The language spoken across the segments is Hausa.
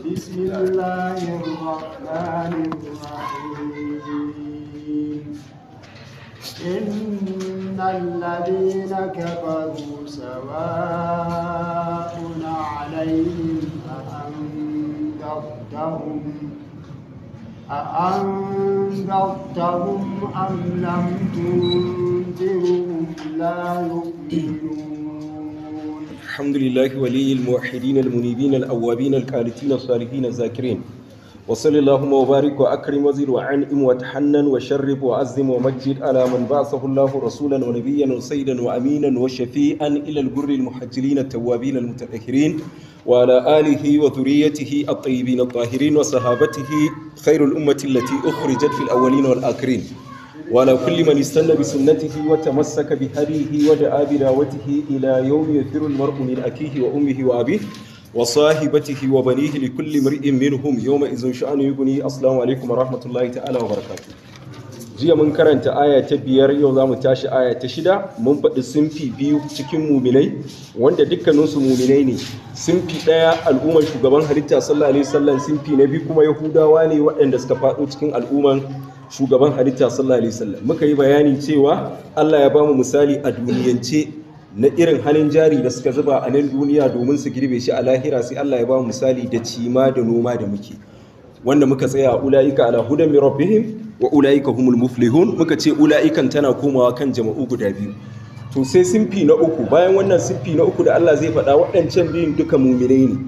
بسم الله الرحمن الرحيم إن الذين كفروا سواء عليهم أأنذرتهم أأنذرتهم أم لم تنذرهم لا يؤمنون الحمد لله ولي الموحدين المنيبين الأوابين الكارثين الصالحين الذاكرين وصل اللهم وبارك وأكرم وزد وعنئم وتحنن وشرب وعزم ومجد على من بعثه الله رسولا ونبيا وسيدا وأمينا وشفيئا إلى الجر المحجلين التوابين المتأخرين وعلى آله وذريته الطيبين الطاهرين وصحابته خير الأمة التي أخرجت في الأولين والآخرين وعلى كل من استنى بسنته وتمسك بهديه ودعا بدعوته إلى يوم يفر المرء من أكيه وأمه وأبيه وصاحبته وبنيه لكل امرئ منهم يومئذ شأن يغني السلام عليكم ورحمة الله تعالى وبركاته jiya mun karanta aya ta biyar yau za mu tashi aya ta shida mun faɗi simfi biyu cikin muminai wanda dukkaninsu muminai ne simfi ɗaya al'ummar shugaban halitta sallallahu alaihi wasallam simfi na biyu kuma yahudawa ne waɗanda suka faɗo cikin al'ummar shugaban halitta sallallahu alaihi wasallam muka yi bayani cewa Allah ya bamu misali a duniyance na irin halin jari da suka zuba a nan duniya domin su girbe shi a lahira sai Allah ya bamu misali da cima da noma da muke wanda muka tsaya ulaika ala hudan min rabbihim wa ulaika humul muflihun muka ce ulaikan tana komawa kan jama'u guda biyu to sai simfi na uku bayan wannan simfi na uku da Allah zai faɗa waɗancan biyun duka muminai ne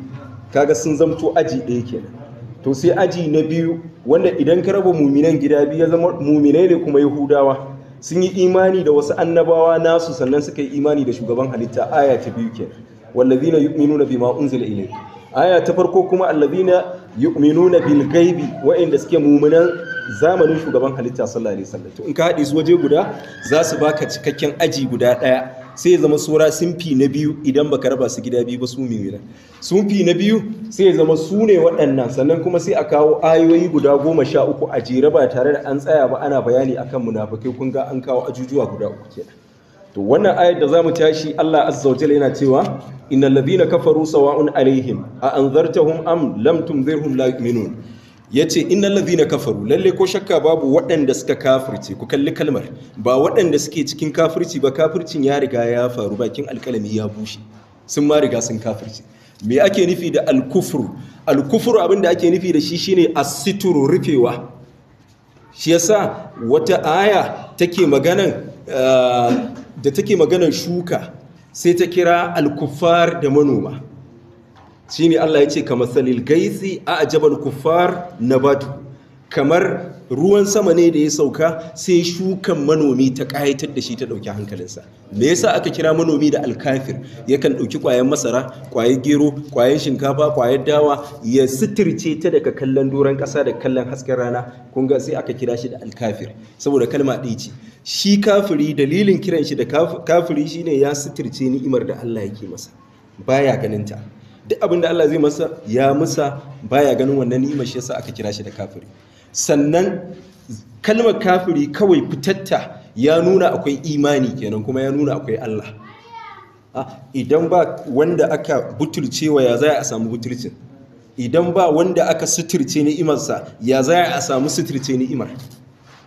kaga sun zamto aji ɗaya kenan to sai aji na biyu wanda idan ka raba muminan gida biyu ya zama muminai ne kuma yahudawa sun yi imani da wasu annabawa nasu sannan suka yi imani da shugaban halitta aya ta biyu ke wallazina yu'minuna bima unzila ilayk aya ta farko kuma allazina yu'minuna bil ghaibi wa'inda suke muminan zamanin shugaban halitta sallallahu alaihi wasallam in ka haɗe su waje guda za su baka cikakken aji guda daya. sai zama sura fi na biyu idan baka raba su gida biyu ba su mimira fi na biyu sai zama su ne waɗannan sannan kuma sai a kawo ayoyi guda goma sha uku a jere ba tare da an tsaya ba ana bayani akan munafukai kun ga an kawo ajujuwa guda uku kenan to wannan ayar da zamu tashi Allah azza wajalla yana cewa innal ladina kafaru sawa'un alaihim a anzartahum am lam tunzirhum la yu'minun ya ce inna na kafaru lalle ko shakka babu waɗanda suka kafirce ku kalli kalmar ba waɗanda suke cikin kafirci ba kafircin ya riga ya faru bakin alkalami ya bushe sun ma riga sun kafirce me ake nufi da alkufuru alkufuru abinda ake nufi da shi shine asituru rufewa shi yasa wata aya ah, da take maganan shuka sai ta kira alkufar da manoma Shi ne Allah ya ce kama salil gaisi a ajabal na batu kamar ruwan sama ne da ya sauka sai shukan manomi ta ƙayatar da shi ta ɗauki hankalinsa me yasa aka kira manomi da alkafir yakan ɗauki ƙwayen masara ƙwayen gero ƙwayen shinkafa ƙwayen dawa ya sitirce ta daga kallon doron ƙasa da kallon hasken rana kun ga sai aka kira shi da alkafir saboda kalma ɗaya ce shi kafiri dalilin kiran shi da kafiri shine ya sitirce ni'imar da Allah yake masa baya ganin ta duk abin da Allah zai masa ya musa baya ganin wannan nima shi yasa aka kira shi da kafiri sannan kalmar kafiri kawai fitatta ya nuna akwai imani kenan kuma ya nuna akwai Allah ah, idan ba wanda aka wa ya zai a samu butulcin idan ba wanda aka suturce ni'imarsa ya zai a samu suturce ni'imar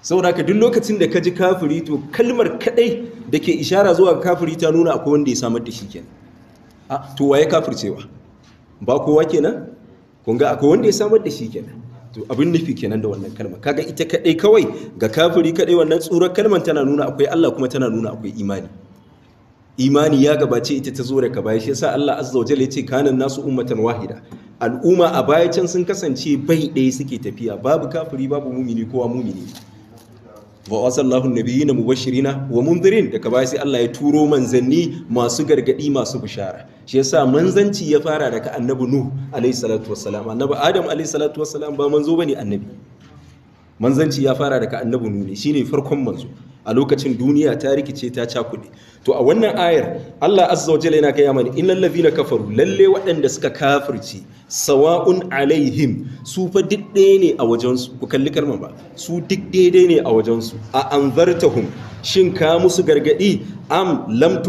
saboda ka duk lokacin da ka ji kafiri to kalmar kadai da ke ishara zuwa kafiri ta nuna akwai wanda ya samar da shi kenan ah, to waye kafircewa ba kowa kenan kun ga akwai wanda ya samar da shi kenan to abin nufi kenan da wannan kalma kaga ita kadai kawai ga kafiri kadai wannan tsurar kalman tana nuna akwai Allah kuma tana nuna akwai imani imani ya gabace ita ta zo da ka baya shi yasa Allah azza wa jalla yace kanan nasu ummatan wahida al'umma a baya can sun kasance bai ɗaya suke tafiya babu kafiri babu mumini kowa mumini wa wasallahu nabiyina mubashirina wa mundirin daga baya sai Allah ya turo manzanni masu gargadi masu bishara shi yasa manzanci ya fara daga annabi nuh alayhi salatu wassalam annabi adam alayhi salatu wassalam ba manzo bane annabi manzanci ya fara daga annabi nuh ne shine farkon manzo a lokacin duniya ta rikice ta cakuɗe to a wannan ayar Allah azza wa jalla yana gaya mana innal na kafaru lalle waɗanda suka kafirci sawa'un alaihim su fa duk ɗaya ne a wajen ku kalli kalmar ba su duk daidai ne a wajensu. su a anzartahum shin ka musu gargadi am lam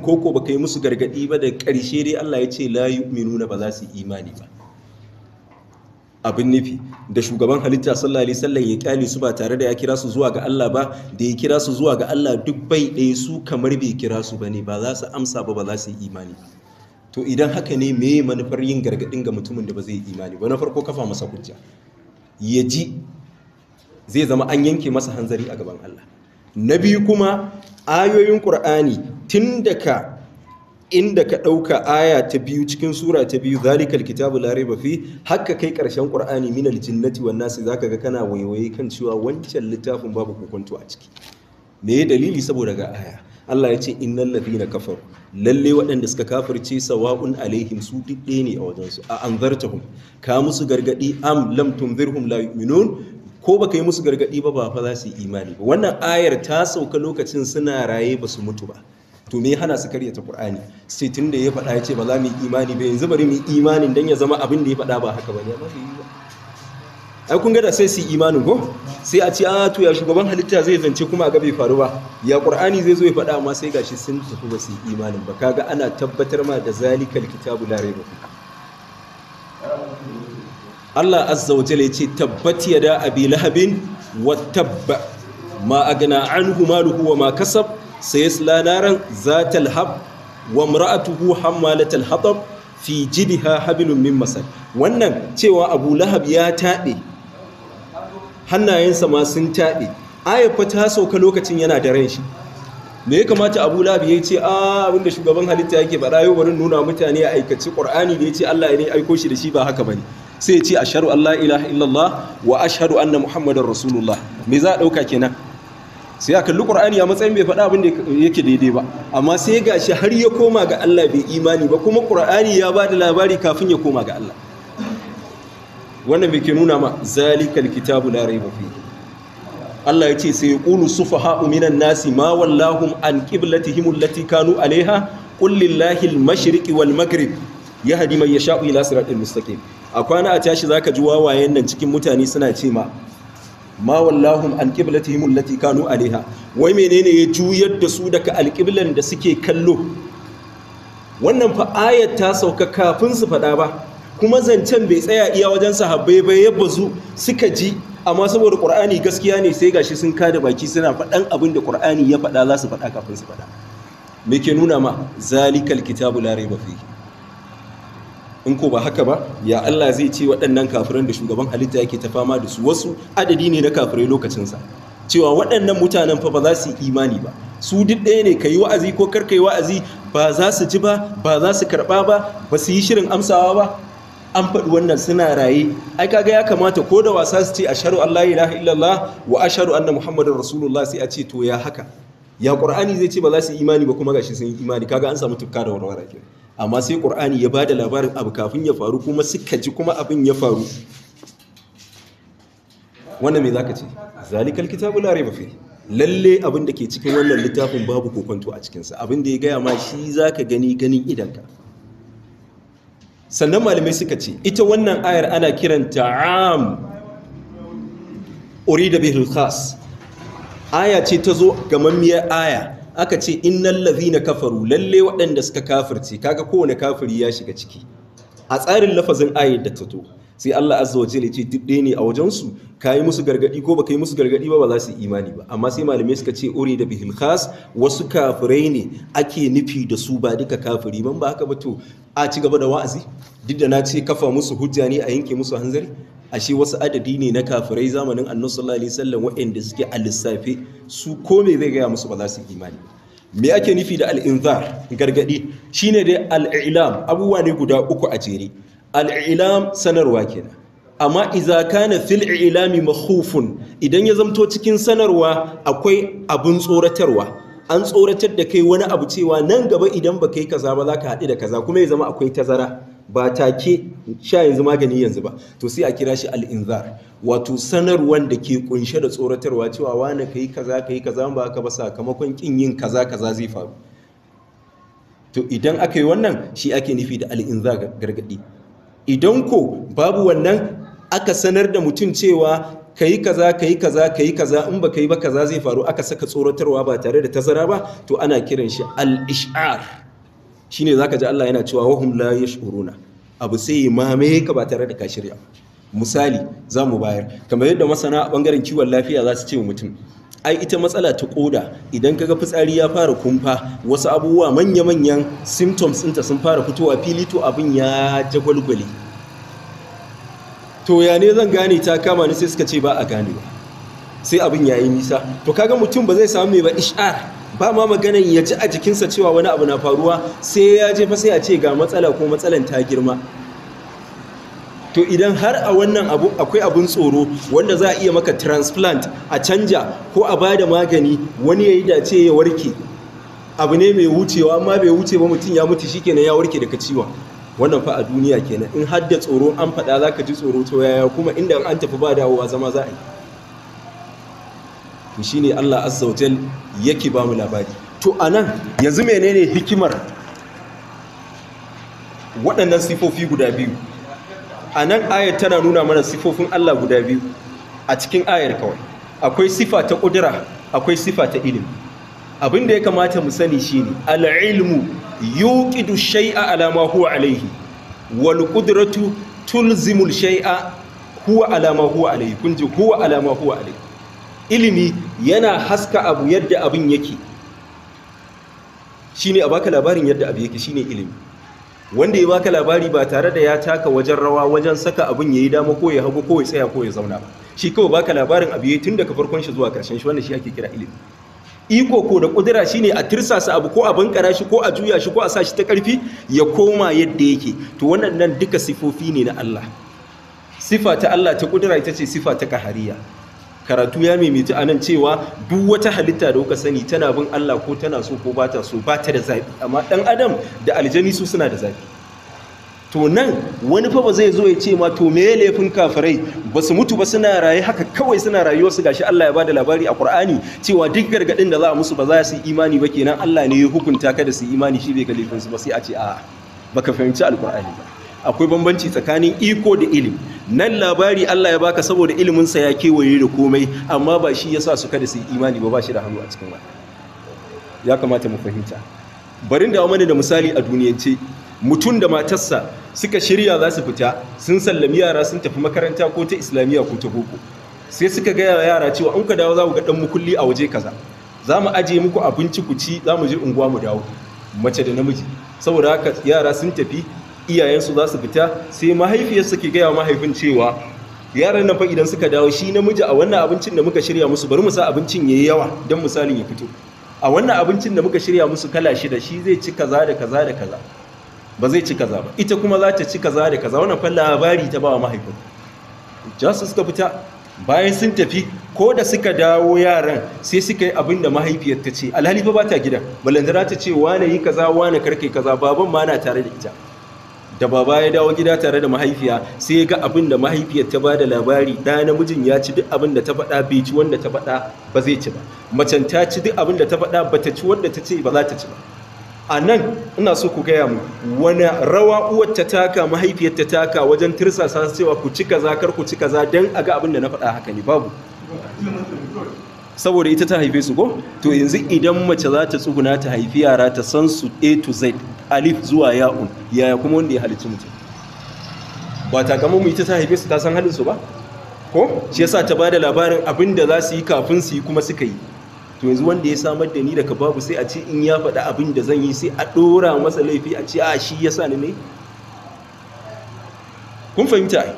ko koko baka yi musu gargadi ba da ƙarshe dai Allah ya ce la yu'minuna ba za su imani ba abin nufi da shugaban halitta sallallahu alaihi wasallam ya kyale su ba tare da ya kira su zuwa ga Allah ba da ya kira su zuwa ga Allah duk bai ɗaya su kamar bai kira su bane ba za su amsa ba ba za su yi imani to idan haka ne me manufar yin gargadin ga mutumin da ba zai yi imani ba na farko kafa masa hujja ya ji zai zama an yanke masa hanzari a gaban Allah na biyu kuma ayoyin Qur'ani tun daga inda ka ɗauka aya ta biyu cikin sura ta biyu zalikal kitabu lare ba fi haka kai ƙarshen qur'ani min wannan sai za ka ga kana waiwaye kan cewa wancan littafin babu hukunto a ciki me dalili saboda ga aya Allah ya ce innal ladina kafar lalle waɗanda suka kafirce sawa'un alaihim su didde ne a wajensu a anzartahum ka musu gargadi am lam tunzirhum la yu'minun ko baka yi musu gargadi ba ba fa za su yi imani ba wannan ayar ta sauka lokacin suna raye ba su mutu ba to me hana su karyata Qur'ani sai tunda ya faɗa ya ce ba za mu yi imani ba yanzu bari mu yi imanin dan ya zama abin da ya faɗa ba haka bane ba ai kun gada sai su yi imanin ko sai a ci a to ya shugaban halitta zai zance kuma ga bai faru ba ya Qur'ani zai zo ya faɗa amma sai gashi sun tafi ba su yi imanin ba kaga ana tabbatar ma da zalikal kitabu la raiba Allah azza wa jalla yace tabbat da abi lahabin wa tabba ma agna anhu maluhu wa ma kasab sayasla naran zatal hab wa mar'atuhu hammalatal hatab fi jidha hablum min masar. wannan cewa Abu Lahab ya taɓe hannayensa ma sun taɓe ayyafa ta sauka lokacin yana da ran shi me ya kamata abu Lahab ya ce a ah, abinda shugaban halitta yake ba yau barin nuna mutane a aikaci ƙur'ani da ya ce allah ne aiko shi da shi ba haka ba ne sai ya ce a sharu allah ilaha illallah wa a sharu anna muhammadun rasulullah me za a ɗauka kenan sai a kalli qur'ani a matsayin bai faɗa abin da yake daidai ba amma sai ga shi har ya koma ga Allah bai imani ba kuma kur'ani ya ba da labari kafin ya koma ga Allah wannan bai ke nuna ma zalikal kitabu la raiba fi Allah ya ce sai ya qulu haɗu minan nasi ma wallahun an qiblatihim allati kanu alaiha qul lillahi al-mashriqi wal maghrib yahdi man yasha'u ila siratil mustaqim a kwana a tashi zaka ji wawayen nan cikin mutane suna ce ma ma wallahum an qiblatihim allati kanu alaiha wai ne ya juyar da su daga alqiblan da suke kallo wannan fa ayat ta sauka kafin su fada ba kuma zancen bai tsaya iya wajen sahabbai bai yabba su suka ji amma saboda qur'ani gaskiya ne sai gashi sun kada baki suna faɗan abin da qur'ani ya faɗa za su fada kafin su fada me ke nuna ma zalikal kitabu la raiba fihi in ko ba haka ba ya Allah zai ce waɗannan kafirin da shugaban halitta yake ta fama da su wasu adadi ne na kafirai lokacinsa cewa waɗannan mutanen fa ba za su imani ba su duk ɗaya ne ka yi wa'azi ko kar ka yi wa'azi ba za su ji ba ba za su karɓa ba ba su yi shirin amsawa ba an faɗi wannan suna raye ai kaga ya kamata ko da wasa su ce asharu Allah ilaha illallah wa asharu anna muhammadin rasulullah sai a ce to ya haka ya qur'ani zai ce ba za su yi imani ba kuma gashi sun yi imani kaga an samu tufka da warware kenan amma sai ƙur'ani ya ba da labarin abu kafin ya faru kuma suka ji kuma abin ya faru wannan mai za ka ce zalikal kitabu lare mafi lalle abin da ke cikin wannan littafin babu kokonto a cikinsa abin da ya gaya ma shi za ka gani ganin idanka sannan malamai suka ce ita wannan ayar ana kiranta am uri da bihil khas aya ce ta zo gamammiyar aya aka ce innal na kafaru lalle waɗanda suka kafirce kaga kowane kafiri ya shiga ciki a tsarin lafazin ayin da ta sai Allah azza wa jalla ce duk ne a wajensu, ka yi musu gargadi ko baka yi musu gargadi ba ba za su imani ba amma sai malamai suka ce uri da bihil khas wasu kafirai ne ake nufi da su ba duka kafiri ban ba haka ba to a ci gaba da wa'azi duk da na ce kafa musu hujja ne a yanke musu hanzari ashe wasu adadi ne na kafirai zamanin annabi sallallahu alaihi wasallam waɗanda suke a lissafe su ko me zai gaya musu ba za su imani me ake nufi da al'inzar gargadi shine dai al'ilam abubuwa ne guda uku a jere al'ilam sanarwa kenan amma iza kana fil ilami makhufun idan ya zamto cikin sanarwa akwai abun tsoratarwa an tsoratar da kai wani abu cewa nan gaba idan ba kai kaza ba za ka haɗu da kaza kuma ya zama akwai tazara ba take sha yanzu magani yanzu ba to sai a kira shi al'inzar wato sanarwar da ke kunshe da tsoratarwa cewa wani ka yi kaza ka yi kaza ba ka ba sakamakon kin yin kaza kaza zai faru to idan aka yi wannan shi ake nufi da al'inzar gargadi idan ko babu wannan aka sanar da mutum cewa ka yi kaza ka yi kaza ka yi kaza in ba ka yi ba kaza zai faru aka saka tsoratarwa ba tare da tazara ba to ana kiran shi Al'ish'ar. Shi ne za ka ji Allah yana cewa wahum la yashuruna abu sai mame ka ba tare da ka shirya misali za mu bayar kamar yadda masana a bangaren kiwon lafiya za su ce wa mutum ai ita matsala ta koda idan ka ga fitsari ya fara kumfa wasu abubuwa manya-manyan symptoms ɗinta sun fara fitowa fili to abin ya jagwalgwale to ya ne zan gane ta kama ni sai suka ce ba a ganewa sai abin ya yi nisa to kaga mutum ba zai samu mai ba ish'ar ba ma maganan ya ci a jikinsa cewa wani abu na faruwa sai ya je fa sai a ce ga matsala ko matsalan ta girma to idan har a wannan abu akwai abun tsoro wanda za a iya maka transplant a canja ko a ba da magani wani ya yi dace ya warke abu ne mai wucewa amma bai wuce ba mutum ya mutu shi shikenan ya warke daga ciwon wannan fa a duniya kenan in har da tsoro an faɗa za ka ji tsoro to yaya kuma inda an tafi ba dawowa zama za a yi to shine Allah azza wa jal yake ba mu labari to anan yanzu ne hikimar waɗannan sifofi guda biyu anan ayar tana nuna mana sifofin Allah guda biyu a cikin ayar kawai akwai sifa ta ƙudura akwai sifa ta ilimi abin da ya kamata mu sani shine al-ilmu yuqidu shay'a ala ma huwa alayhi wal qudratu tulzimu shay'a huwa ala huwa alayhi kunji huwa ala ma huwa alayhi ilimi yana haska abu yadda abin yake shine a baka labarin yadda abu yake shine ilimi wanda ya baka labari ba tare da ya taka wajen rawa wajen saka abin yi dama ko ya hagu ko ya tsaya ko ya zauna ba shi kawai baka labarin abu yayi tun daga farkon shi zuwa karshen shi wanda shi ake kira ilimi iko ko da kudura shine a tirsasa abu ko a bankara shi ko a juya shi ko a sa shi ta karfi ya koma yadda yake to wannan duka sifofi ne na Allah sifa ta Allah ta kudura ita ce sifa ta kahariya karatu ya maimaita anan cewa duk wata halitta da kuka sani tana bin Allah ko tana so ko bata so bata da zaɓi amma ɗan adam da aljani su suna da zaɓi to nan wani fa ba zai zo ya ce ma to me laifin kafirai ba su mutu ba suna raye haka kawai suna rayuwa su gashi Allah ya bada labari a Qur'ani cewa duk gargadin da za a musu ba za su imani ba kenan Allah ne ya hukunta ka da su imani shi bai ga laifin su ba sai a ce a baka fahimci alqur'ani ba akwai bambanci tsakanin iko da ilimi nan labari Allah ya baka saboda iliminsa ya kewaye da komai amma ba shi ya sa su kada su yi imani ba ba shi da hannu a cikin wani ya kamata mu fahimta barin da mana da misali a duniyance mutum da matarsa suka shirya za su fita sun sallami yara sun tafi makaranta ko ta islamiyya ko ta boko sai suka gaya yara cewa an ka dawo za ku ga dan mukulli a waje kaza za mu aje muku abinci ku ci za mu je unguwa mu dawo mace da namiji saboda haka yara sun tafi iyayensu za su fita sai mahaifiyarsa ke gaya mahaifin cewa yaran nan fa idan suka dawo shi namiji a wannan abincin da muka shirya musu bari mu sa abincin yayi yawa don misalin ya fito a wannan abincin da muka shirya musu kala shida shi zai ci kaza da kaza da kaza ba zai ci kaza ba ita kuma za ta ci kaza da kaza wannan fa labari ta bawa mahaifin jasu suka fita bayan sun tafi ko da suka dawo yaran sai suka yi abin da mahaifiyar ta ce alhali fa ba ta gidan, balandara ta ce wane yi kaza wane karkai kaza baban ma na tare da ita da baba ya dawo gida tare da mahaifiya sai ya ga abin da mahaifiyar ta bada labari da namijin ya ci duk abin da ta faɗa bai ci wanda ta faɗa ba zai ci ba macen ta ci duk abin da ta faɗa ba ta ci wanda ta ce ba za ta ci ba a nan ina so ku gaya mu wani rawa uwar ta taka mahaifiyar ta taka wajen tirsasa cewa ku ci kaza kar ku ci kaza don a ga abin da na faɗa haka ne babu saboda ita ta haife su ko to yanzu idan mace za ta tsuguna ta haifi yara ta san su a to z alif zuwa ya'un yaya kuma wanda ya halicci mutum ba mu ita ta haife su ta san halin su ba ko shi yasa ta bada labarin abin da za su yi kafin su yi kuma suka yi to yanzu wanda ya samar da ni daga babu sai a ce in ya faɗa abin da zan yi sai a ɗora masa laifi a ce a shi ya sa ni ne kun fahimta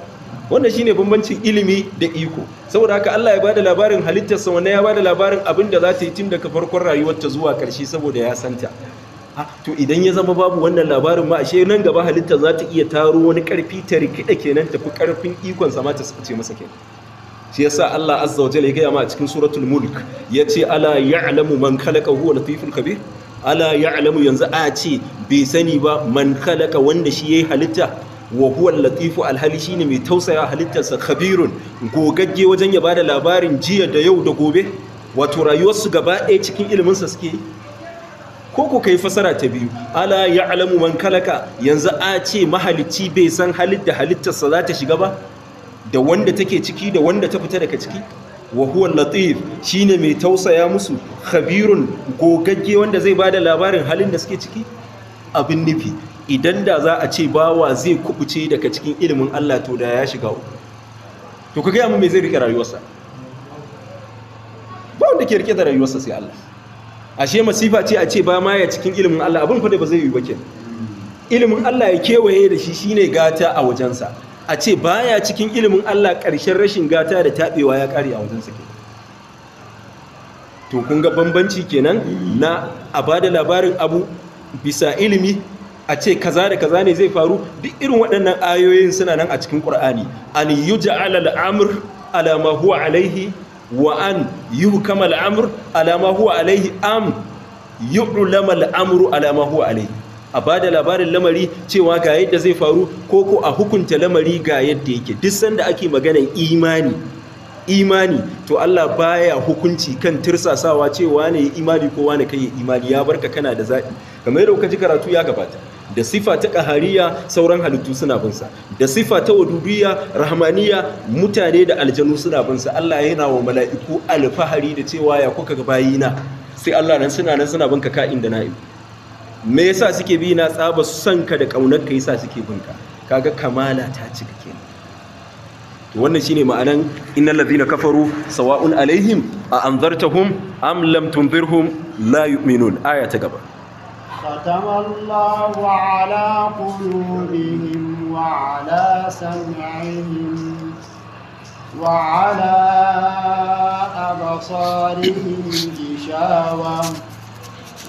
wannan shine bambancin ilimi da iko saboda haka Allah ya bada labarin halittar sa wannan ya bada labarin abin da za ta yi tun daga farkon rayuwar ta zuwa ƙarshe saboda ya santa to idan ya zama babu wannan labarin ma ashe nan gaba halittar za ta iya taro wani ƙarfi ta rikida kenan tafi ƙarfin ikon sama ta sace masa kenan shi yasa Allah azza wa jalla ya gaya ma a cikin suratul mulk yace ala ya'lamu man khalaqa huwa latiful khabir ala ya'lamu yanzu a ce bai sani ba man khalaqa wanda shi yayi halitta wa huwa latifu alhali shine mai tausaya halittarsa khabirun gogagge wajen ya bada labarin jiya da yau da gobe wato rayuwarsu gaba ɗaya cikin iliminsa suke ko ku kai fasara ta biyu ala ya'lamu man kalaka yanzu a ce mahalicci bai san halitta halittarsa za ta shiga ba da wanda take ciki da wanda ta fita daga ciki wa huwa latif shine mai tausaya musu khabirun gogagge wanda zai bada labarin halin da suke ciki abin nufi idan da za a ce bawa zai kubuce daga cikin ilimin Allah to da ya shiga uku to ka gaya mu me zai rike rayuwarsa ba wanda ke rike da rayuwarsa sai Allah ashe masifa ce a ce ba ma ya cikin ilimin Allah abin fa da ba zai yi ba ke ilimin Allah ya kewaye da shi shine gata a wajensa a ce baya cikin ilimin Allah ƙarshen rashin gata da tabewa ya kare a wajensa ke to kun ga bambanci kenan na a ba da labarin abu bisa ilimi a ce kaza da kaza ne zai faru duk irin waɗannan ayoyin suna nan a cikin ƙur'ani an yi al-amr huwa alaihi wa an yi hukama al’amur alama huwa alaihi am yi ulama amru alama huwa alaihi a bada labarin lamari cewa ga yadda zai faru ko ko a hukunta lamari ga yadda yake duk sanda ake maganar imani imani to Allah baya hukunci kan tirsasawa cewa ne imani ko wane kai imani ya barka kana da zaɓi kamar yadda kuka ji karatu ya gabata da sifa ta ƙahariya sauran halittu suna binsa da sifa ta wadubiya rahmaniya mutane da aljanu suna binsa Allah yana wa mala'iku alfahari da cewa ya kuka ga bayina sai Allah nan suna nan suna binka ka'in da na'im me yasa suke bi na tsaba sanka da kaunar ka yasa suke binka kaga kamala ta cika kenan wannan shine ma'anan innal ladina kafaru sawa'un alaihim a anzartahum am lam tunzirhum la yu'minun aya ta gaba ختم الله على قلوبهم وعلى سمعهم وعلى أبصارهم غشاوة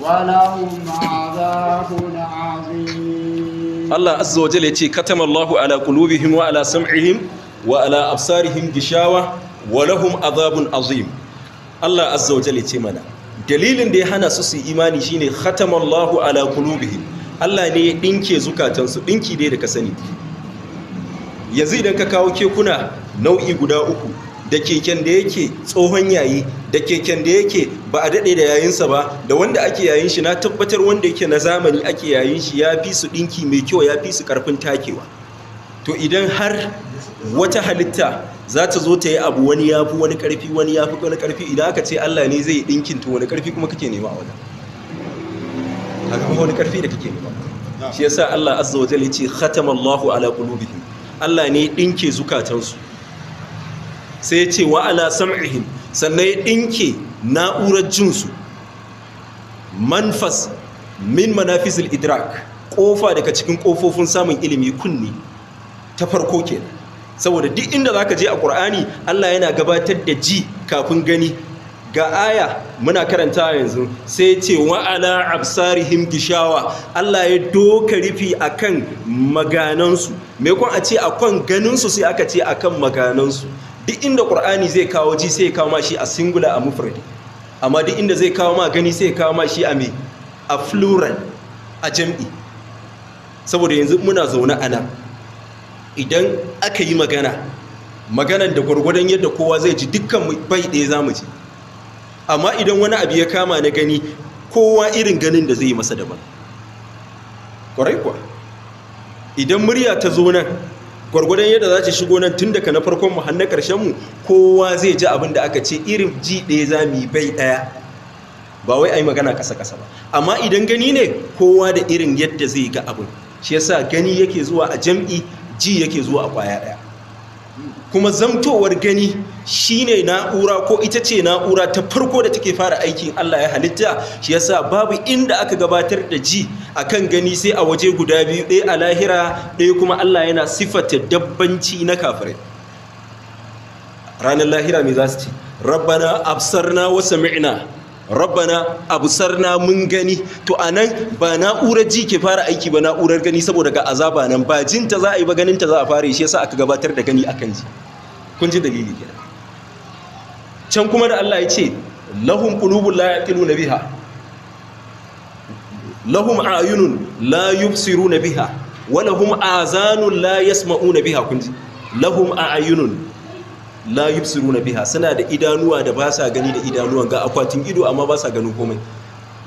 ولهم عذاب عظيم الله عز وجل يتي كتم الله على قلوبهم وعلى سمعهم وعلى أبصارهم غشاوة ولهم عذاب عظيم الله عز وجل يتي منا dalilin da ya hana su su imani shine lahu ala qulubihim Allah ne ya ɗinke zukatansu ɗinki dai da ka sani yanzu idan ka kawo kekuna nau'i guda uku da keken da yake tsohon yayi da keken da yake ba a daɗe da yayinsa ba da wanda ake yayin shi na tabbatar wanda yake na zamani ake yayin shi ya fi su ɗinki mai kyau ya fi su ƙarfin takewa to idan har wata halitta za ta zo ta yi abu wani ya fi wani ƙarfi wani ya fi wani ƙarfi idan aka ce Allah ne zai ɗinkinta wani ƙarfi kuma kake nema a wajen haka kuma wani ƙarfi da kake nema shi yasa Allah azza wa jalla ya ce khatama Allahu ala qulubihim Allah ne ɗinke zukatansu sai ya ce wa ala sam'ihim sannan ya ɗinke na'urar jinsu manfas min manafisil idrak ƙofa daga cikin ƙofofin samun ilimi kunni ta farko kenan saboda duk inda za ka je a ƙur'ani allah yana gabatar da ji kafin gani ga aya muna karanta yanzu sai ce wa'ala absarihim gishawa Allah ya doka rufi a kan maganansu me a ce a kan ganinsu sai aka ce a kan maganansu duk inda ƙur'ani zai kawo ji sai kawo ma shi a singular a mufrad amma duk inda zai kawo ma gani sai kawo ma shi a mai a plural a jam'i saboda yanzu muna zaune a nan idan aka yi magana maganan da gwargwadon yadda kowa zai ji dukkan bai ɗaya za mu ji amma idan wani abu ya kama na gani kowa irin ganin da zai yi masa daban ƙwarai kuwa idan murya ta zo nan gwargwadon yadda za ta shigo nan tun daga na farkon mu har na ƙarshen mu kowa zai ji abin da aka ce irin ji ɗaya za mu yi bai ɗaya ba wai a yi magana ƙasa-ƙasa ba amma idan gani ne kowa da irin yadda zai ga abin shi yasa gani yake zuwa a jam'i ji yake zuwa a kwaya daya kuma zamtowar gani shine na'ura ko ita ce na'ura ta farko da take fara aikin Allah ya halitta shi yasa babu inda aka gabatar da ji akan gani sai a waje guda biyu ɗaya a lahira ɗaya kuma Allah yana sifata dabbanci na kafirai ranar lahira me za su ce rabbana absarna wa sami'na rabbana abu sarna mun gani to anan ba na'urar ji ke fara aiki ba na'urar gani saboda ga azaba nan ba jinta za a yi ba ganinta za a fara shi yasa aka gabatar da gani akan ji kun ji dalili ke can kuma da Allah ya ce lahum qulubun la yaqiluna biha lahum ayunun la yubsiruna biha wa lahum azanun la yasma'una biha kun ji lahum ayunun la na biha suna da idanuwa da ba sa gani da idanuwa ga akwatin ido amma ba sa ganin komai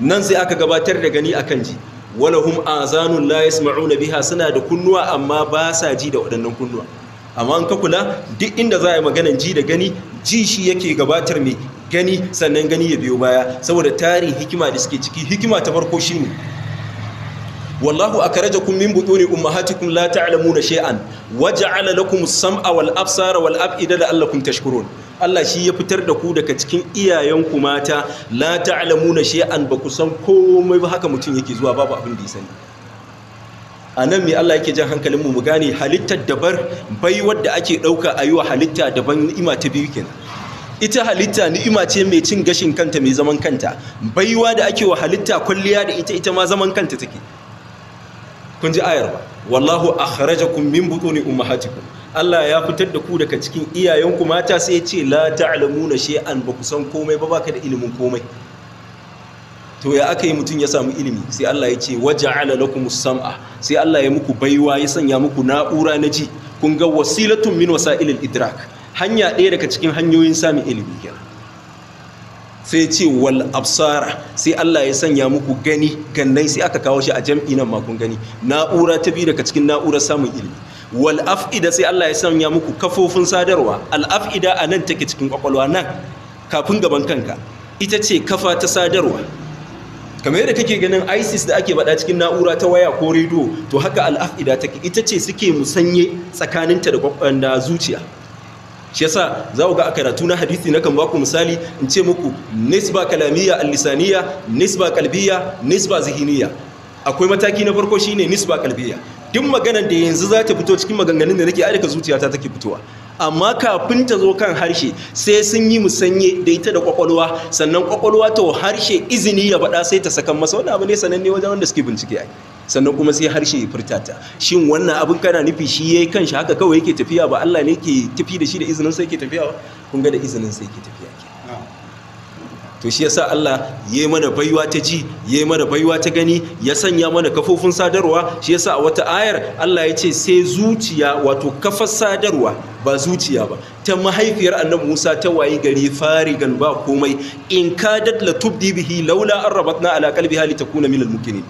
nan sai aka gabatar da gani a kan ji walahum azanun la na biha suna da kunnuwa amma ba sa ji da waɗannan kunnuwa amma an ka kula duk inda za a yi maganan ji da gani ji shi yake gabatar mai gani sannan gani ya biyo baya saboda tarin hikima da suke ciki hikima ta farko shi ne. wallahu akhrajakum min butuni ummahatikum la ta'lamuna shay'an waja'ala lakum as-sam'a wal absara wal af'ida la'allakum tashkurun Allah shi ya fitar da ku daga cikin iyayenku mata la ta'lamuna shay'an ba ku san komai ba haka mutum yake zuwa babu abin da ya sani a nan mai Allah yake jan hankalin mu gane halittar dabar bai wadda ake ɗauka a yi wa halitta daban ni'ima ta biyu kenan ita halitta ni'ima ce mai cin gashin kanta mai zaman kanta baiwa da ake wa halitta kwalliya da ita ita ma zaman kanta take kun ji ayar ba wallahu akhrajakum min butuni ummahatikum Allah ya fitar da ku daga cikin iyayenku mata sai ya ce la ta'lamuna shay'an ba ku san komai ba baka da ilimin komai to ya aka yi mutum ya samu ilimi sai Allah ya ce waja'ala lakumus sam'a sai Allah ya muku baiwa ya sanya muku na'ura na ji kun ga wasilatun min wasailil idrak hanya ɗaya daga cikin hanyoyin samun ilimi kenan sai ce wal absara sai Allah ya sanya muku gani gannai sai aka kawo shi a jam'i nan makon gani na'ura ta biyu daga cikin na'urar samun ilimi wal af'ida sai Allah ya sanya muku kafofin sadarwa al af'ida a nan take cikin kwakwalwa nan kafin gaban kanka ita ce kafa ta sadarwa kamar yadda kake ganin isis da ake bada cikin na'ura ta waya ko rediyo to haka al af'ida take ita ce suke musanye tsakaninta da zuciya shi yasa za ku ga a karatu na hadisi na kan baku misali in ce muku nisba kalamiya al-lisaniyya nisba qalbiyya nisba zihiniya. akwai mataki na farko shine nisba qalbiyya duk maganar da yanzu za ta fito cikin maganganun da nake aika zuciyata take fitowa amma kafin ta zo kan harshe sai sun yi musanye da ita da kwakwalwa sannan kwakwalwa ta harshe izini ya faɗa sai ta sakan masa wani abu ne sananne wajen wanda suke bincike ai sannan kuma sai harshe ya furta shin wannan abin kana nufi shi yayi kanshi haka kawai yake tafiya ba Allah ne yake tafi da shi da izinin sa yake tafiya ba kun ga da izinin sa yake tafiya ke to shi yasa Allah yayi mana baiwa ta ji yayi mana baiwa ta gani ya sanya mana kafofin sadarwa shi yasa a wata ayar Allah ya ce sai zuciya wato kafar sadarwa ba zuciya ba ta mahaifiyar annabi Musa ta wayi gari farigan ba komai in kadat la tubdi bihi laula arrabatna ala qalbiha litakuna minal mukminin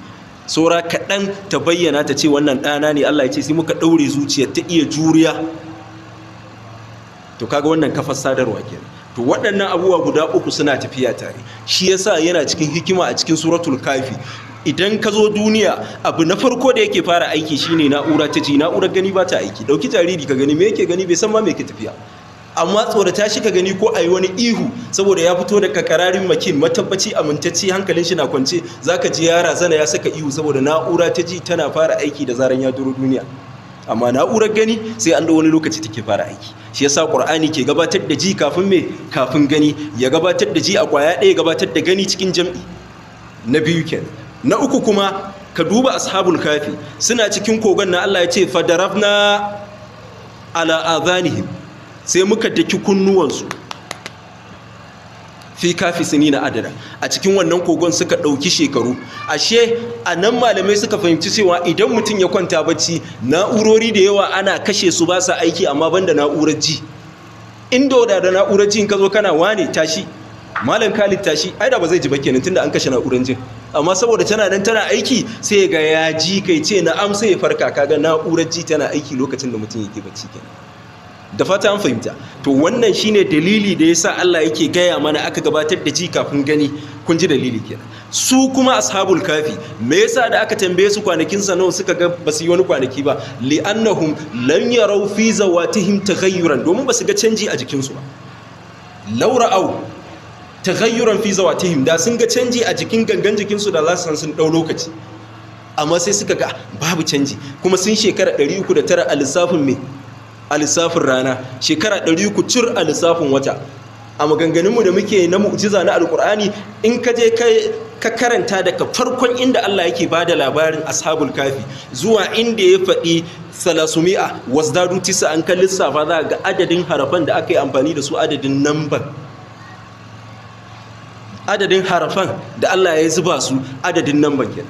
saura kaɗan ta bayyana ta ce wannan ɗana ne Allah ya ce sai muka ɗaure zuciyar ta iya juriya to kaga wannan kafar sadarwa ke to waɗannan abubuwa guda uku suna tafiya tare shi yasa yana cikin hikima a cikin suratul kafi idan ka zo duniya abu na farko da yake fara aiki shine na'ura ta ji na'urar gani ba ta aiki ɗauki jariri ka gani me yake gani bai san ma me yake tafiya amma tsorata shi ka gani ko a yi wani ihu saboda ya fito da kararin makin matabbaci amintacci hankalin shi na kwance za ka ji yara zana ya saka ihu saboda na'ura ta ji tana fara aiki da zaran ya duru duniya amma na'urar gani sai an da wani lokaci take fara aiki shi yasa qur'ani ke gabatar da ji kafin me kafin gani ya gabatar da ji a kwaya ɗaya gabatar da gani cikin jam'i na biyu kenan na uku kuma ka duba ashabul kafi suna cikin kogon na Allah ya ce fadarafna ala adhanihim sai muka daki kunnuwansu fi kafi su na adada a cikin wannan kogon suka ɗauki shekaru ashe a nan malamai suka fahimci cewa idan mutum ya kwanta bacci na'urori da yawa ana kashe su ba sa aiki amma banda na'urar ji inda da na'urar ji in ka zo kana wane tashi malam khalid tashi ai da ba zai ji ba nan tunda an kashe na'urar jin amma saboda tana nan tana aiki sai ga ya ji kai ce na amsa ya farka kaga na'urar ji tana aiki lokacin da mutum yake bacci kenan da fata an fahimta to wannan shine dalili da yasa Allah yake gaya mana aka gabatar da ji kafin gani kun ji dalili kenan su kuma ashabul kafi me yasa da aka tambaye su kwanakin sa nawa suka ga basu yi wani kwanaki ba annahum lam yaraw fi zawatihim taghayyuran domin basu ga canji a jikin su ba law ra'aw taghayyuran fi zawatihim da sun ga canji a jikin gangan jikin su da za su san sun dau lokaci amma sai suka ga babu canji kuma sun shekara 309 a lissafin mai a lissafin rana shekara ɗari ku cir a lissafin wata a maganganunmu da muke na mu'jiza na Alƙur'ani in ka je ka karanta daga farkon inda Allah yake ba da labarin ashabul kafi zuwa inda ya faɗi salasumi'a wasdadu tisa an kan lissafa za ga adadin harafan da aka yi amfani da su adadin namban adadin harafan da Allah ya zuba su adadin namban kenan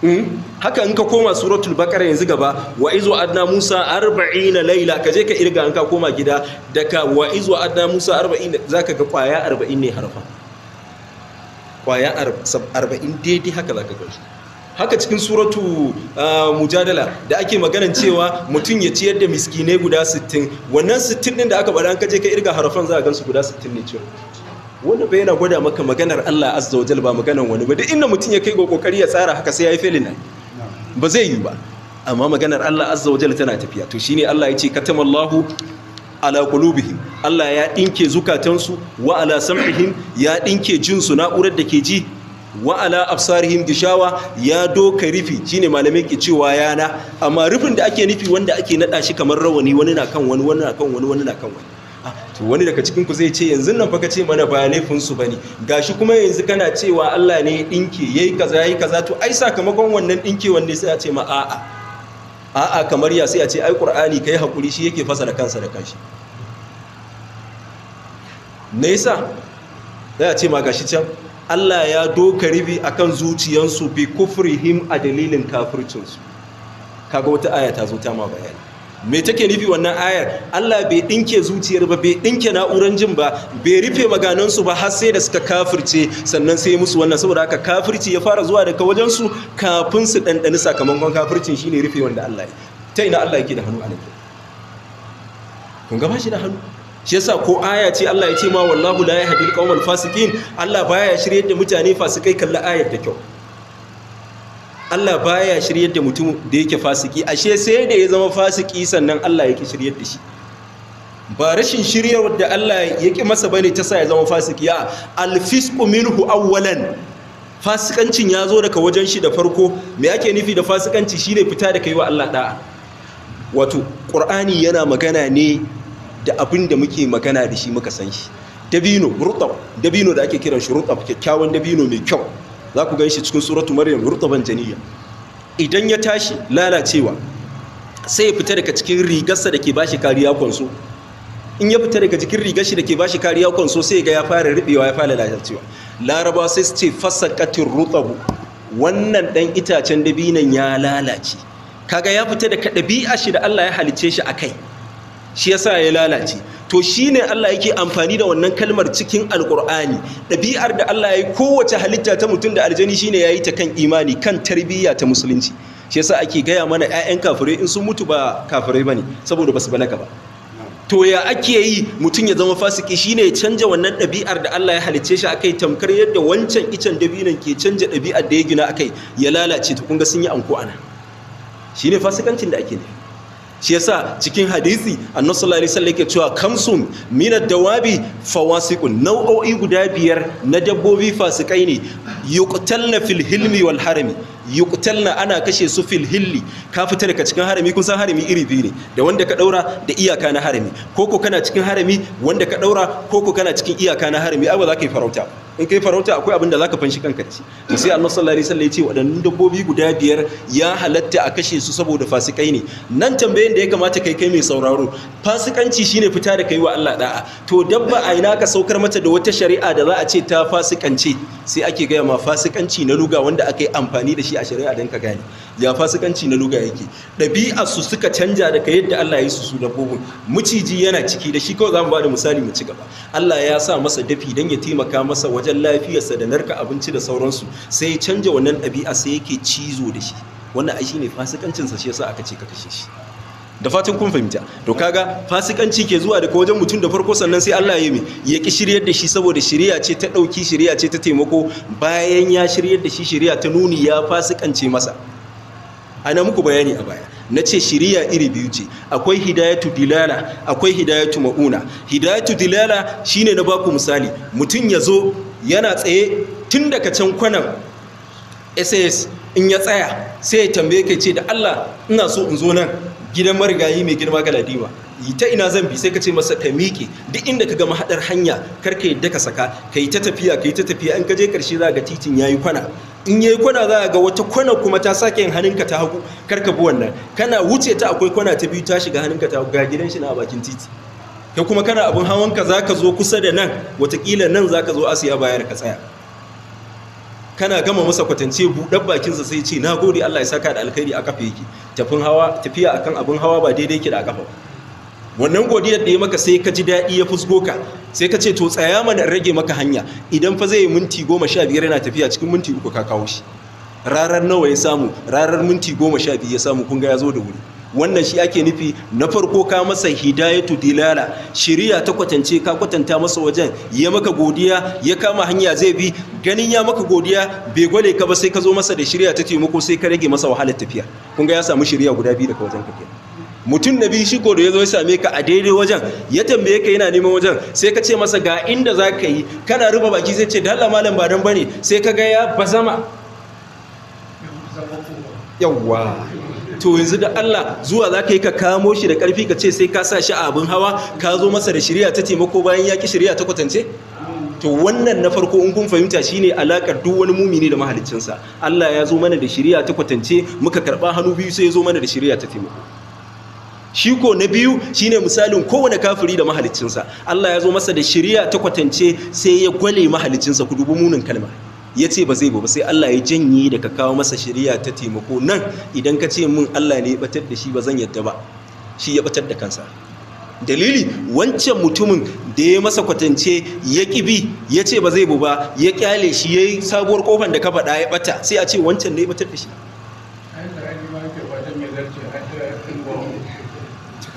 hmm? haka in ka koma suratul baqara yanzu gaba wa izu adna musa 40 laila kaje ka irga in ka koma gida daga wa izu adna musa 40 zaka ga kwaya 40 ne harfa kwaya 40 daidai haka zaka ga haka cikin suratu ah, mujadala da ake maganan cewa mutum ya ciyar da miskinai guda 60 wannan 60 din da aka bada an kaje ka irga harafan za a gansu guda 60 ne cewa wanda bai yana gwada maka maganar Allah azza wa jalla ba maganar wani ba duk inda mutum ya kai ga kokari ya tsara haka sai yayi failing ba zai yi ba amma maganar Allah azza wajalla tana tafiya to shine Allah ya ce katamallahu ala qulubihim Allah ya ɗinke zukatansu wa ala sam'ihim ya ɗinke jinsu na'urar da ke ji wa ala absarihim gishawa ya doka rufi shine malamai ke cewa yana amma rufin da ake nufi wanda ake nada shi kamar rawani wani na kan wani wani na kan wani wani na kan wani to wani daga cikin ku zai ce yanzu nan fa ka ce mana ba fun su bane gashi kuma yanzu kana cewa Allah ne ya dinke yayi kaza yayi kaza to ai sakamakon wannan dinke ne sai a ce ma a'a a'a kamar ya sai a ce ai Qur'ani kai hakuri shi yake da kansa da kanshi sa? sai a ce ma gashi can Allah ya doka ribi akan zuciyansu bi kufrihim a dalilin kafircinsu kaga wata aya ta zo ta ma bayani me take nufi wannan ayar Allah bai dinke zuciyar ba bai dinke na'uran jin ba bai rufe maganansu ba har sai da suka kafirce sannan sai musu wannan saboda haka kafirci ya fara zuwa daga wajen su kafin su dandani sakamakon kafircin shine rufe wanda Allah ya ta ina Allah yake da hannu a nan kun ga bashi da hannu shi yasa ko aya ce Allah ya ce ma wallahu la haɗi qawmal fasikin? Allah baya shirye da mutane fasikai kalla ayar da kyau Allah baya shiryar da mutum da yake fasiki ashe sai da ya zama fasiki sannan Allah yake shiryar da shi ba rashin shiryar da Allah yake masa bane ta sa ya zama fasiki ya alfisqu minhu awwalan fasikancin ya zo daga wajen shi da farko me yake nufi da fasikanci shine fita da kai wa Allah da'a wato qur'ani yana magana ne da abin da muke magana da shi muka san shi dabino rutab dabino da ake kiran shi rutab kyakkyawan dabino mai kyau za ku gaishe cikin suratu maryam rutaban janiya idan ya tashi lalacewa sai ya fita daga cikin rigarsa da ke bashi kariya kwanso in ya fita daga cikin rigar shi da ke bashi kariya kwanso sai ga ya fara ribewa ya fara lalacewa laraba sai su ce fasakatin rutabu wannan ɗan itacen dabinan ya lalace kaga ya fita daga ɗabi'a shi da Allah ya halice shi a kai shi ya sa ya lalace to shi ne Allah yake amfani da wannan kalmar cikin alkur'ani ɗabi'ar da Allah ya yi kowace halitta ta mutum da aljani shi ne ya yi ta kan imani kan tarbiyya ta musulunci shi yasa ake gaya mana 'ya'yan kafirai in sun mutu ba kafirai ne saboda basu balaga ba to ya ake yi mutum ya zama fasiki shi ne canja wannan ɗabi'ar da Allah ya halicce shi akai tamkar yadda wancan icen dabinan ke canja ɗabi'ar da ya gina akai ya lalace to kun ga sun yi anko ana ne fasikancin da ake nufi shi yasa cikin hadisi annabi sallallahu alaihi wasallam yake cewa kamsun min ad-dawabi fawasiqun nau'o'i guda biyar na dabbobi fasikai ne yuqtalna fil hilmi wal harami yuqtalna ana kashe su fil hilli ka fita daga cikin harami kun san harami iri biyu ne da wanda ka daura da iyaka na harami koko kana cikin harami wanda ka daura koko kana cikin iyaka na harami ai ba za ka yi farauta in kai farauta akwai abin da za ka fanshi kanka ci to sai annabi sallallahu alaihi wasallam ya ce waɗannan dabbobi guda biyar ya halatta a kashe su saboda fasikai ne nan tambayen da ya kamata kai kai mai sauraro fasikanci shine fita da kai wa Allah da'a to dabba a ina ka saukar mata da wata shari'a da za a ce ta fasikance sai ake gaya ma fasikanci na luga wanda aka yi amfani da shi a shari'a don ka gani ya fasikanci na luga yake ɗabi'a su suka canja daga yadda Allah ya yi su su dabbobin miciji yana ciki da shi kawai za mu ba da misali mu ci gaba Allah ya sa masa dafi don ya taimaka masa wajen lafiyarsa da narka abinci da sauransu sai canja wannan ɗabi'a sai yake cizo da shi wannan ai ne fasikancinsa shi yasa aka ce ka kashe shi da fatan kun fahimta to kaga fasikanci ke zuwa daga wajen mutum da farko sannan sai Allah ya yi ya ki shiryar da shi saboda shiriya ce ta dauki shiriya ce ta taimako bayan ya shiryar da shi shiriya ta nuni ya fasikance masa ana muku bayani a baya na ce shiriya iri biyu ce akwai hidayatu dilala akwai hidayatu ma'una hidayatu dilala shine na baku misali mutum ya zo yana tsaye tun daga can kwanan ss in ya tsaya sai ya tambaye kai ce da Allah ina so in zo nan gidan marigayi mai girma yi ta ina zan bi sai ka ce masa ka miƙe duk inda ka gama haɗar hanya karka yadda ka saka ka yi ta tafiya ka yi ta tafiya in ka je ƙarshe za ga titin ya yi kwana in ya yi kwana za ga wata kwana kuma ta sake yin hannunka ta hagu karka bi wannan kana wuce ta akwai kwana ta biyu ta shiga hannunka ta hagu ga gidan shi na bakin titi kai kuma kana abin hawanka za ka zo kusa da nan watakila nan za ka zo asiya bayan ka tsaya kana gama masa kwatance buɗar bakinsa sai ce na gode Allah ya saka da alkhairi a kafa yake tafin hawa tafiya akan abin hawa ba daidai yake da a kafa wannan godiyar da ya maka sai ka ji daɗi ya fusgo ka sai ka ce to tsaya mana rage maka hanya idan fa zai minti goma sha biyar yana tafiya cikin minti uku ka kawo shi rarar nawa ya samu rarar minti goma sha biyu ya samu kun ga ya zo da wuri wannan shi ake nufi na farko ka masa hidayatu dilala shiriya ta kwatance ka kwatanta masa wajen ya maka godiya ya kama hanya zai bi ganin ya maka godiya bai gwale ka ba sai ka zo masa da shiriya ta taimako sai ka rage masa wahalar tafiya kun ga ya samu shiriya guda biyu daga wajen kake mutum na biyu shigo da ya zo ya same ka a daidai wajen ya tambaye ka yana neman wajen sai ka ce masa ga inda za ka yi kana ruba baki zai ce da Allah malam ba dan bane sai ka ga ya bazama yawwa to yanzu da Allah zuwa za ka yi ka kamo shi da ƙarfi ka ce sai ka sa shi a abin hawa ka zo masa da shirya ta taimako bayan ya ki shirya ta kwatance to wannan na farko in kun fahimta shine alakar duk wani mumini da mahaliccinsa Allah ya zo mana da shirya ta kwatance muka karɓa hannu biyu sai ya zo mana da shirya ta taimako shi ko na biyu shine misalin kowane kafiri da mahaliccinsa Allah ya zo masa da shirya ta kwatance sai ya gwale mahalicinsa ku dubi munin kalma ya ce ba zai ba sai Allah ya janye da ka kawo masa shari'a ta taimako nan idan ka ce min Allah ne ya batar da shi ba zan yadda ba shi ya batar da kansa dalili wancan mutumin da ya masa kwatance ya kibi ya ce ba zai ba ya kyale shi ya yi sabuwar kofar da ka faɗa ya bata sai a ce wancan ne ya batar da shi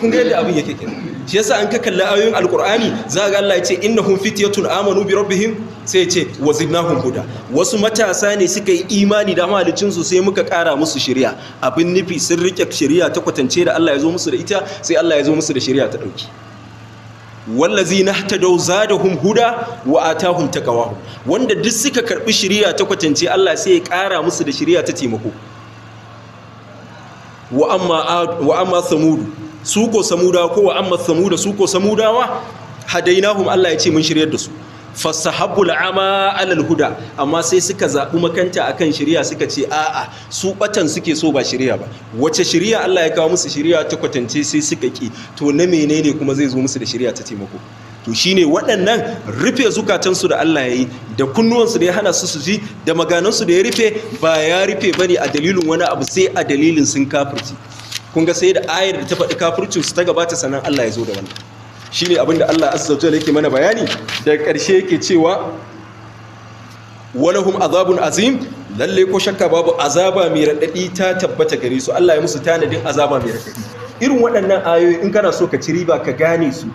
kun ga yadda abin yake kenan shi yasa an ka kalli ayoyin alkur'ani za ga Allah ya ce innahum fityatun amanu bi rabbihim sai ya ce wazidnahum huda wasu matasa ne suka yi imani da malicin su sai muka kara musu shari'a abin nufi sun rike shari'a ta kwatance da Allah ya zo musu da ita sai Allah ya zo musu da shari'a ta dauki wallazina tadaw zadahum huda wa atahum taqwa wanda duk suka karbi shari'a ta kwatance Allah sai ya kara musu da shari'a ta taimako wa amma wa amma samudu suko ko samudawa ko wa amma samuda su ko samudawa hadainahum Allah ya ce mun shiryar da su fasahabul ama alal huda amma sai suka zaɓi makanta akan shiriya suka ce a'a su batan suke so ba shiriya ba wace shiriya Allah ya kawo musu shiriya ta kwatance sai suka ki to na menene kuma zai zo musu da shiriya ta taimako to shine waɗannan rufe zukatansu da Allah ya yi da kunnuwansu da ya hana su su ji da maganansu da ya rufe ba ya rufe bane a dalilin wani abu sai a dalilin sun kafirci kun ga sai da ayar da ta faɗi kafircin su ta gabata sannan Allah ya zo da wannan Shi ne abinda Allah azza wajalla yake mana bayani daga ƙarshe yake cewa walahum azabun azim lalle ko shakka babu azaba mai raɗaɗi ta tabbata gare su Allah ya musu tanadin azaba mai raɗaɗi irin waɗannan ayoyi in kana so ka ci riba ka gane su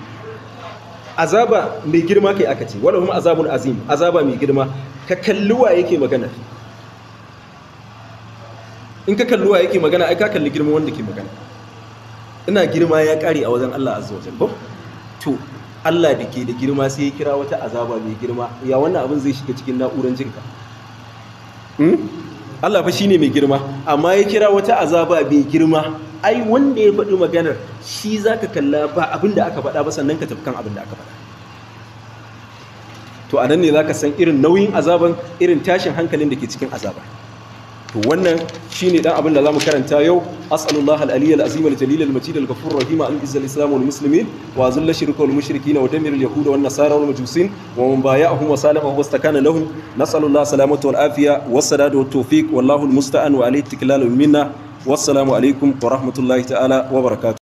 azaba mai girma kai aka ce walahum azabun azim azaba mai girma ka kalli wa yake magana in ka kalli wa yake magana ai ka kalli girma wanda ke magana ina girma ya kare a wajen Allah azza wajal ko to Allah da ke da girma sai ya kira wata azaba mai girma ya wannan abin zai shiga cikin na'uran jinka hmm? Allah fa shine mai girma amma ya kira wata azaba mai girma ai wanda ya faɗi maganar shi zaka kalla ba abin da aka faɗa ba sannan ka tafkan abin da aka faɗa to a nan ne zaka san irin nauyin azaban irin tashin hankalin da ke cikin azaban? to wannan shine dan abin da zamu karanta yau as'alullah al-aliy al-azim al-jalil al-majid al-ghafur rahim an izzal islam wal muslimin wa azilla shirka wal mushrikin wa damir al-yahud wan nasara wal majusin wa man bayahum wa salama wa istakana lahum nas'alullah salamata wal afiya was sadad wat tawfiq wallahu al-musta'an wa alayhi tiklalu minna wassalamu wa rahmatullahi ta'ala wa barakatuh